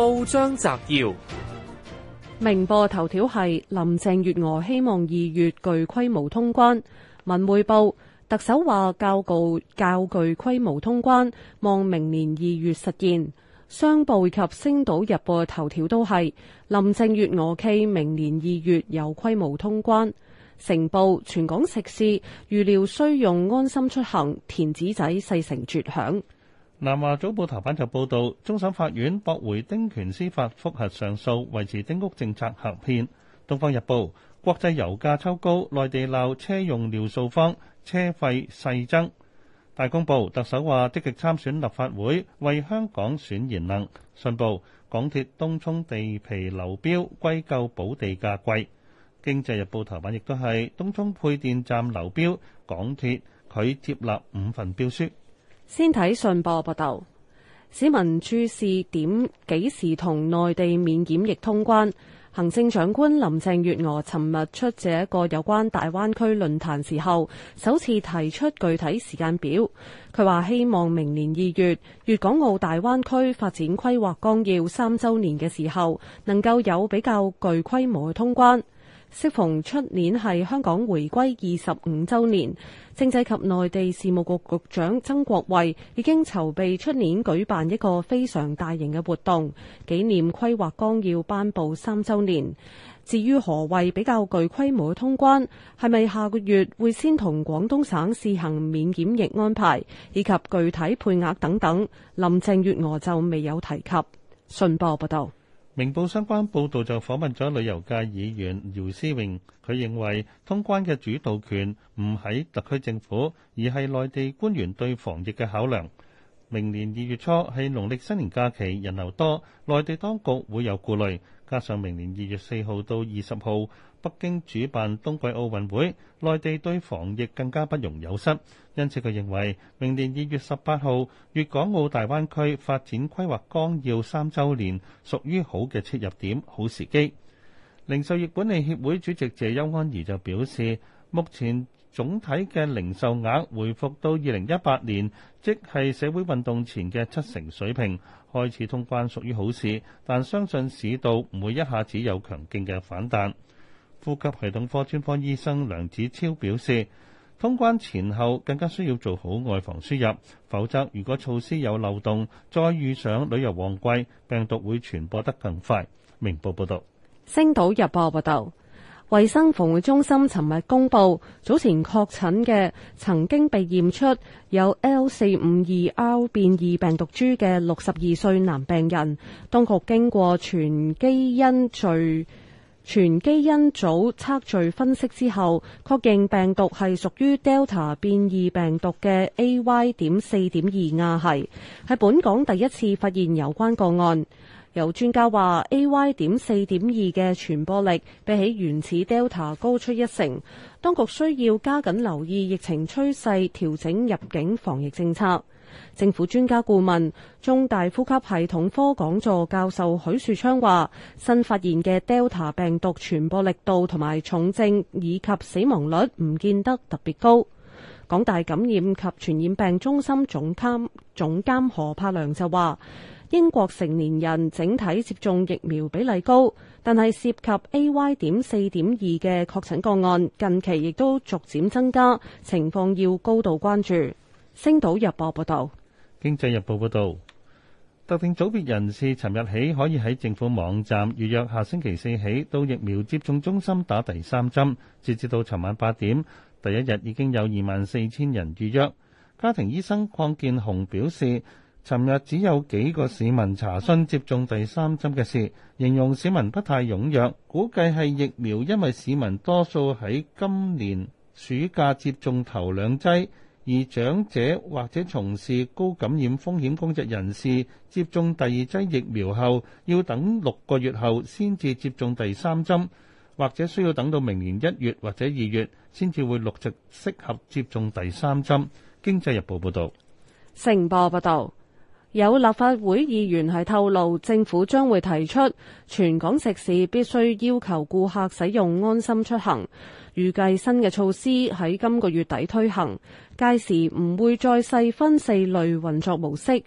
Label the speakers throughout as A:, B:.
A: 報章摘要：明報頭條係林鄭月娥希望二月具規模通關。文匯報特首話較告較具規模通關，望明年二月實現。商報及星島日報頭條都係林鄭月娥冀明年二月有規模通關。成報全港食肆預料需用安心出行，填紙仔勢成絕響。
B: 南華早報頭版就報道，終審法院駁回丁權司法覆核上訴，維持丁屋政策合憲。《東方日報》國際油價抽高，內地鬧車用尿素荒，車費勢增。《大公報》特首話積極參選立法會，為香港選賢能。《信報》港鐵東涌地皮流標，歸咎補地價貴。《經濟日報》頭版亦都係東涌配電站流標，港鐵拒接納五份標書。
A: 先睇信報報道，市民注視點幾時同內地免檢疫通關？行政長官林鄭月娥尋日出席這個有關大灣區論壇時候，首次提出具體時間表。佢話希望明年二月，粵港澳大灣區發展規劃綱要三週年嘅時候，能夠有比較具規模嘅通關。適逢出年係香港回歸二十五周年，政制及內地事務局局長曾國衛已經籌備出年舉辦一個非常大型嘅活動，紀念《規劃綱要》頒布三周年。至於何謂比較具規模嘅通關，係咪下個月會先同廣東省試行免檢疫安排，以及具體配額等等，林鄭月娥就未有提及。信報報道。
B: 明報相關報導就訪問咗旅遊界議員姚思榮，佢認為通關嘅主導權唔喺特區政府，而係內地官員對防疫嘅考量。明年二月初係農曆新年假期，人流多，內地當局會有顧慮，加上明年二月四號到二十號。北京主辦冬季奧運會，內地對防疫更加不容有失，因此佢認為明年二月十八號，粵港澳大灣區發展規劃綱要三週年屬於好嘅切入點，好時機。零售業管理協會主席謝邱安怡就表示，目前總體嘅零售額回復到二零一八年，即係社會運動前嘅七成水平，開始通關屬於好事，但相信市道唔會一下子有強勁嘅反彈。呼吸系統科專科醫生梁子超表示，通關前後更加需要做好外防輸入，否則如果措施有漏洞，再遇上旅遊旺季，病毒會傳播得更快。明報報導，
A: 星島日報報導，衛生防護中心尋日公布，早前確診嘅曾經被驗出有 L 四五二 R 變異病毒株嘅六十二歲男病人，當局經過全基因序。全基因組測序分析之後，確認病毒係屬於 Delta 變異病毒嘅 AY.4.2 亞系，係本港第一次發現有關個案。有專家話 AY.4.2 嘅傳播力比起原始 Delta 高出一成，當局需要加緊留意疫情趨勢，調整入境防疫政策。政府專家顧問、中大呼吸系統科講座教授許樹昌話：新發現嘅 Delta 病毒傳播力度同埋重症以及死亡率唔見得特別高。港大感染及傳染病中心總監總監何柏良就話：英國成年人整體接種疫苗比例高，但係涉及 AY 點四點二嘅確診個案近期亦都逐漸增加，情況要高度關注。星島日報報道，
B: 經濟日報報道，特定組別人士尋日起可以喺政府網站預約，下星期四起到疫苗接種中心打第三針，截至到尋晚八點。第一日已經有二萬四千人預約。家庭醫生鄺建雄表示，尋日只有幾個市民查詢接種第三針嘅事，形容市民不太踴躍，估計係疫苗，因為市民多數喺今年暑假接種頭兩劑。而長者或者從事高感染風險工作人士，接種第二劑疫苗後，要等六個月後先至接種第三針，或者需要等到明年一月或者二月，先至會陸續適合接種第三針。經濟日報報導，
A: 成報報導。有立法會議員係透露，政府將會提出全港食肆必須要求顧客使用安心出行。預計新嘅措施喺今個月底推行，屆時唔會再細分四類運作模式。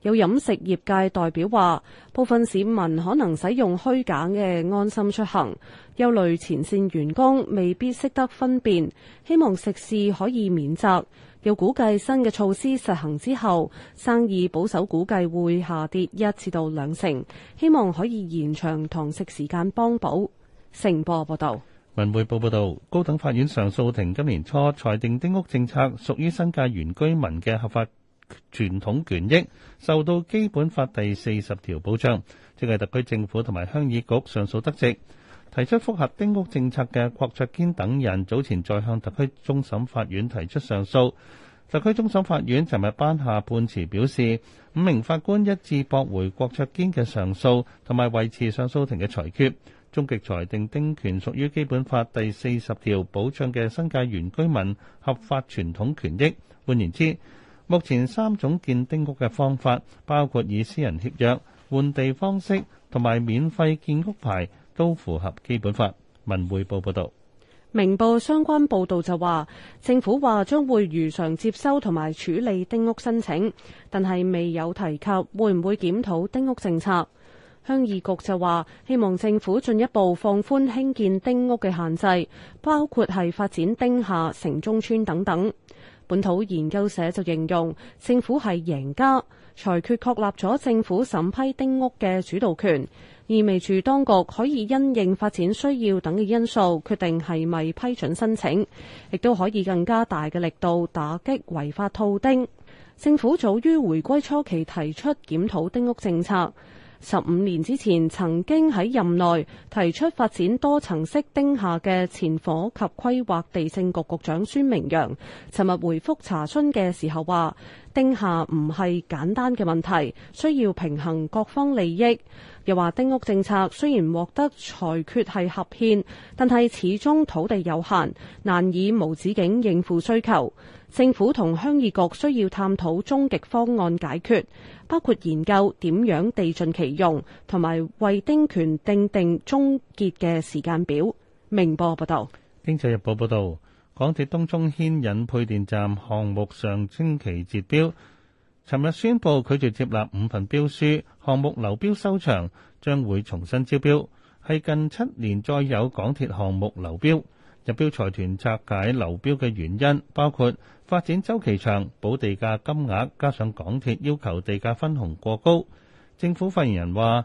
A: 有飲食業界代表話，部分市民可能使用虛假嘅安心出行，憂慮前線員工未必識得分辨，希望食肆可以免責。又估計新嘅措施實行之後，生意保守估計會下跌一次到兩成，希望可以延長堂食時間幫補。成報、啊，報道，
B: 文匯報報道，高等法院上訴庭今年初裁定丁屋政策屬於新界原居民嘅合法傳統權益，受到基本法第四十條保障。即係特區政府同埋鄉議局上訴得直。提出複核丁屋政策嘅郭卓堅等人早前再向特區終審法院提出上訴，特區終審法院尋日頒下判詞表示五名法官一致駁回郭卓堅嘅上訴同埋維持上訴庭嘅裁決。終極裁定丁權屬於《基本法》第四十條保障嘅新界原居民合法傳統權益。換言之，目前三種建丁屋嘅方法，包括以私人協約換地方式，同埋免費建屋牌。都符合基本法。文匯報報道，
A: 明報相關報道就話，政府話將會如常接收同埋處理丁屋申請，但係未有提及會唔會檢討丁屋政策。鄉議局就話，希望政府進一步放寬興建丁屋嘅限制，包括係發展丁廈、城中村等等。本土研究社就形容，政府係贏家，裁決確立咗政府審批丁屋嘅主導權。意味住，當局可以因應發展需要等嘅因素，決定係咪批准申請，亦都可以更加大嘅力度打擊違法套丁。政府早於回歸初期提出檢討丁屋政策，十五年之前曾經喺任內提出發展多層式丁下嘅前火及規劃地政局局長孫明揚，尋日回覆查詢嘅時候話。丁下唔係簡單嘅問題，需要平衡各方利益。又話丁屋政策雖然獲得裁決係合憲，但係始終土地有限，難以無止境應付需求。政府同鄉議局需要探討終極方案解決，包括研究點樣地盡其用，同埋為丁權定定終結嘅時間表。明報報道，《經
B: 濟日報》報道。港鐵東中牽引配電站項目上星期截標，尋日宣布拒絕接納五份標書，項目流標收場，將會重新招標。係近七年再有港鐵項目流標，入標財團拆解流標嘅原因包括發展周期長、保地價金額加上港鐵要求地價分紅過高。政府發言人話。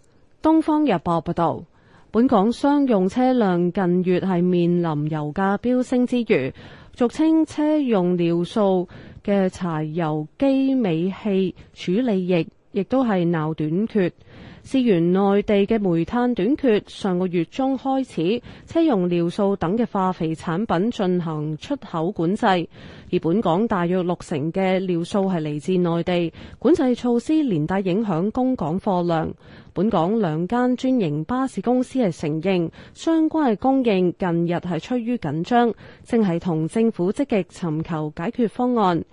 A: 東方日報報道，本港商用車輛近月係面臨油價飆升之餘，俗稱車用尿素嘅柴油機尾氣處理液，亦都係鬧短缺。事源內地嘅煤炭短缺，上個月中開始，車用尿素等嘅化肥產品進行出口管制。而本港大約六成嘅尿素係嚟自內地，管制措施連帶影響供港貨量。本港兩間專營巴士公司係承認，相關嘅供應近日係趨於緊張，正係同政府積極尋求解決方案。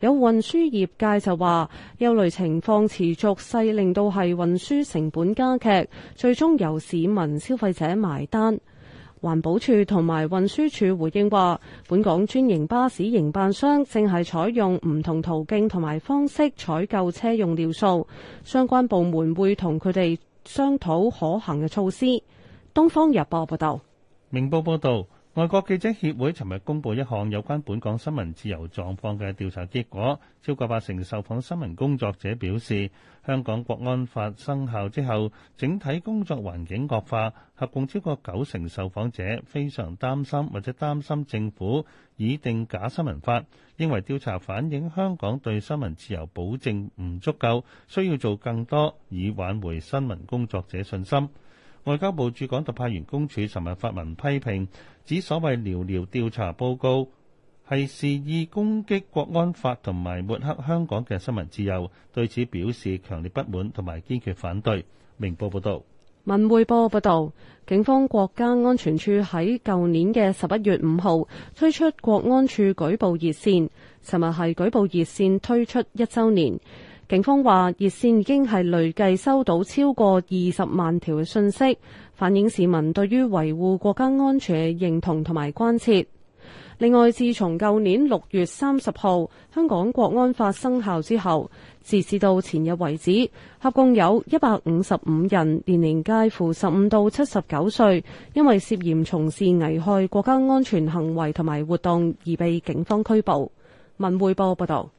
A: 有運輸業界就話，憂慮情況持續細，令到係運輸成本加劇，最終由市民消費者埋單。環保署同埋運輸署回應話，本港專營巴士營辦商正係採用唔同途徑同埋方式採購車用尿素，相關部門會同佢哋商討可行嘅措施。東方日報報道，
B: 明報報道。外國記者協會尋日公布一項有關本港新聞自由狀況嘅調查結果，超過八成受訪新聞工作者表示，香港國安法生效之後，整體工作環境惡化，合共超過九成受訪者非常擔心或者擔心政府擬定假新聞法，認為調查反映香港對新聞自由保證唔足夠，需要做更多以挽回新聞工作者信心。外交部駐港特派員公署尋日發文批評，指所謂寥寥調查報告係肆意攻擊國安法同埋抹黑香港嘅新聞自由，對此表示強烈不滿同埋堅決反對。明報報道：
A: 「文匯報報道，警方國家安全處喺舊年嘅十一月五號推出國安處舉報熱線，尋日係舉報熱線推出一週年。警方話熱線已經係累計收到超過二十萬條嘅信息，反映市民對於維護國家安全嘅認同同埋關切。另外，自從舊年六月三十號香港國安法生效之後，直至到前日為止，合共有一百五十五人，年齡介乎十五到七十九歲，因為涉嫌從事危害國家安全行為同埋活動而被警方拘捕。文匯報報道。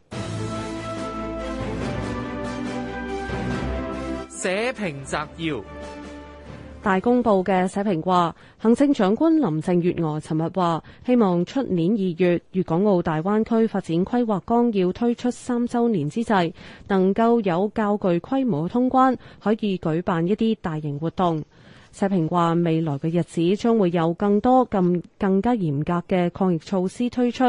B: 社評摘要，
A: 寫大公報嘅社評話，行政長官林鄭月娥尋日話，希望出年二月，粵港澳大灣區發展規劃綱要推出三周年之際，能夠有較具規模嘅通關，可以舉辦一啲大型活動。社評話，未來嘅日子將會有更多更更加嚴格嘅抗疫措施推出，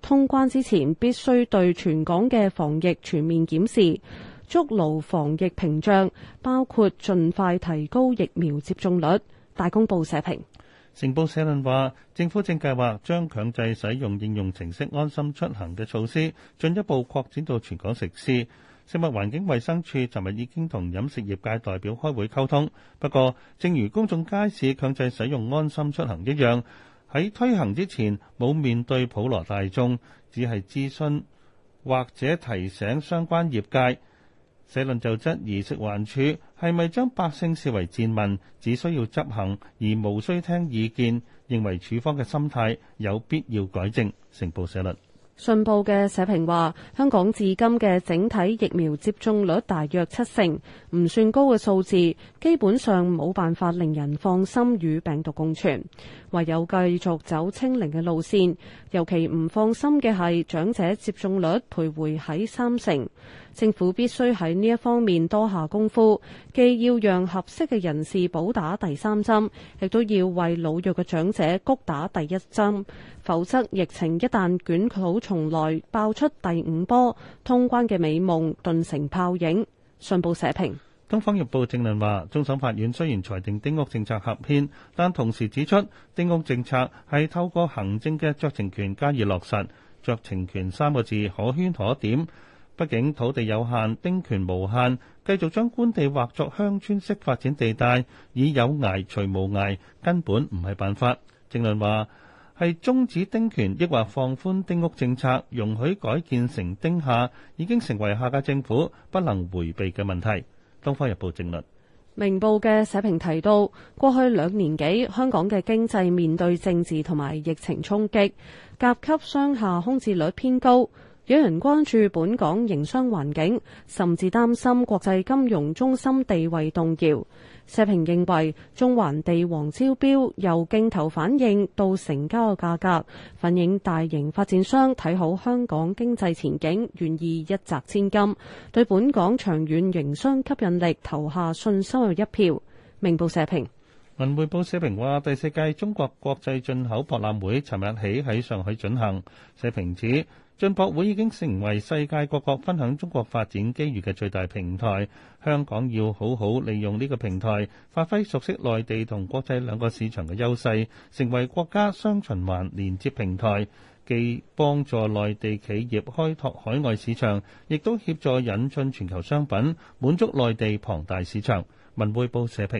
A: 通關之前必須對全港嘅防疫全面檢視。築牢防疫屏障，包括盡快提高疫苗接種率。大公報社評。
B: 成報社論話，政府正計劃將強制使用應用程式安心出行嘅措施進一步擴展到全港食肆。食物環境衛生署尋日已經同飲食業界代表開會溝通。不過，正如公眾街市強制使用安心出行一樣，喺推行之前冇面對普羅大眾，只係諮詢或者提醒相關業界。社論就質疑食環署係咪將百姓視為賤民，只需要執行而無需聽意見，認為處方嘅心態有必要改正。成報社論。
A: 信報嘅社評話：香港至今嘅整體疫苗接種率大約七成，唔算高嘅數字，基本上冇辦法令人放心與病毒共存，唯有繼續走清零嘅路線。尤其唔放心嘅係長者接種率徘徊喺三成。政府必須喺呢一方面多下功夫，既要讓合適嘅人士補打第三針，亦都要為老弱嘅長者谷打第一針。否則，疫情一旦捲土重來，爆出第五波，通關嘅美夢頓成泡影。信報社評，
B: 《東方日報》正論話：終審法院雖然裁定丁屋政策合憲，但同時指出丁屋政策係透過行政嘅酌情權加以落實，酌情權三個字可圈可點。畢竟土地有限，丁權無限，繼續將官地劃作鄉村式發展地帶，以有涯隨無涯，根本唔係辦法。正論話係終止丁權，抑或放寬丁屋政策，容許改建成丁廈，已經成為下屆政府不能迴避嘅問題。《東方日報》正論。
A: 明報嘅社評提到，過去兩年幾香港嘅經濟面對政治同埋疫情衝擊，甲級商廈空置率偏高。有人關注本港營商環境，甚至擔心國際金融中心地位動搖。社評認為，中環地王招標由競投反應到成交嘅價格，反映大型發展商睇好香港經濟前景，願意一擲千金，對本港長遠營商吸引力投下信心嘅一票。明報社評。
B: 文匯報社評話：第四屆中國國際進口博覽會尋日起喺上海進行。社評指，進博會已經成為世界各國分享中國發展機遇嘅最大平台。香港要好好利用呢個平台，發揮熟悉內地同國際兩個市場嘅優勢，成為國家雙循環連接平台，既幫助內地企業開拓海外市場，亦都協助引進全球商品，滿足內地龐大市場。文匯報社評。